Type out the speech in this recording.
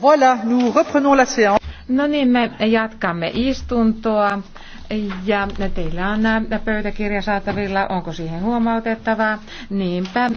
Voilà, nous reprenons la séance. No niin, me jatkamme istuntoa ja teillä on äh, pöytäkirja saatavilla. Onko siihen huomautettavaa? Niinpä.